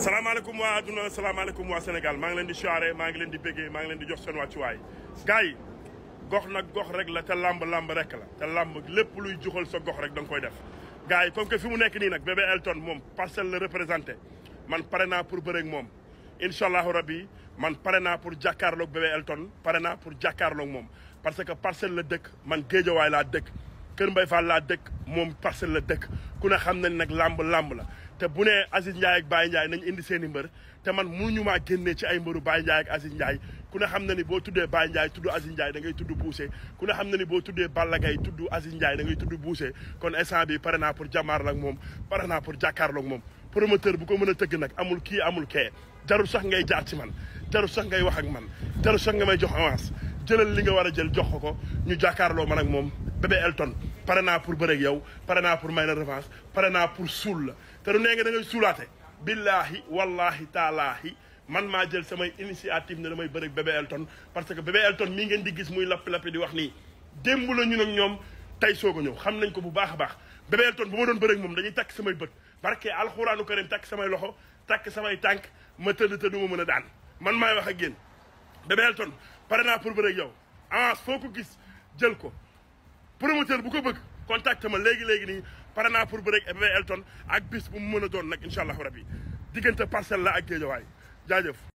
salaamaaleykum waa adduna salaamaaleykum waa Sénégal maa ngi leen di siyaare maa ngi leen di béggee maa ngi leen di jox seen wàccuwaay gars yi gox nag gox rek la te làmb làmb rek la te làmb lépp luy juxal sa gox rek da koy def gars yi comme fi mu nekk nii nag bébé Elton moom parcelle la représenté man pare naa pour bëreeg moom incha allahu rabbi man pare naa pour jàkkaarloog bébé Elton pare naa pour jàkkaarloog moom parce que parcelle la dëkk man géejawaay laa dëkk Kër Mbaye Fall laa dëkk moom parcelle la dëkk ku ne xam na ni nag lamb lamb la te bu nee Aziz Ndiaye ak Baye nañ indi seen i mbër te man mënuñu maa génnee ci ay mbëru Baye Ndiaye ak Aziz Ndiaye ku ne xam na ni boo tuddee Baye Ndiaye tudd Aziz Ndiaye da ngay tudd Bousse ku ne xam na ni boo tuddee Balla Gaye tudd Aziz Ndiaye da ngay tudd Bousse kon instant bi pare naa pour jàmmaar nag moom pare naa pour jàkkaarloo ak moom promoteur bu ko mën a tëgg nag amul ki amul kee jarul sax ngay jaar ci man jarul sax ngay wax ak man jarul sax nga may jox avance jëlal li nga war a jël jox ko ñu jàkkaarloo man ak moom bébé Elton pare naa pour bëreeg yow pare naa pour may la revanche pare naa pour suul la te du nee nga da ngay suulaate billaahi wallaahi taalaahi man maa jël samay initiative ne damay bëreeg bébé Elton parce que bébé Elton mii ngeen di gis muy lappi-lappi di wax nii démb la ñun ñoom tey soog a ñëw xam nañ ko bu baax a baax bébé Elton bu ma doon bëreeg moom dañuy takk samay bët barke alxuraanu karim takk samay loxo takk samay tànk ma tëdd te du ma mën a daan man maay wax ak yéen bébé Elton pare naa pour bëreeg yow avance foo ko gis jël ko promoteur bu ko bëgg contacté ma léegi léegi nii para naa pur bëreeg Elton ak bis bu mu mën a doon nag incha allah rabi diggante parcelle la ak géejawaay jaajëf.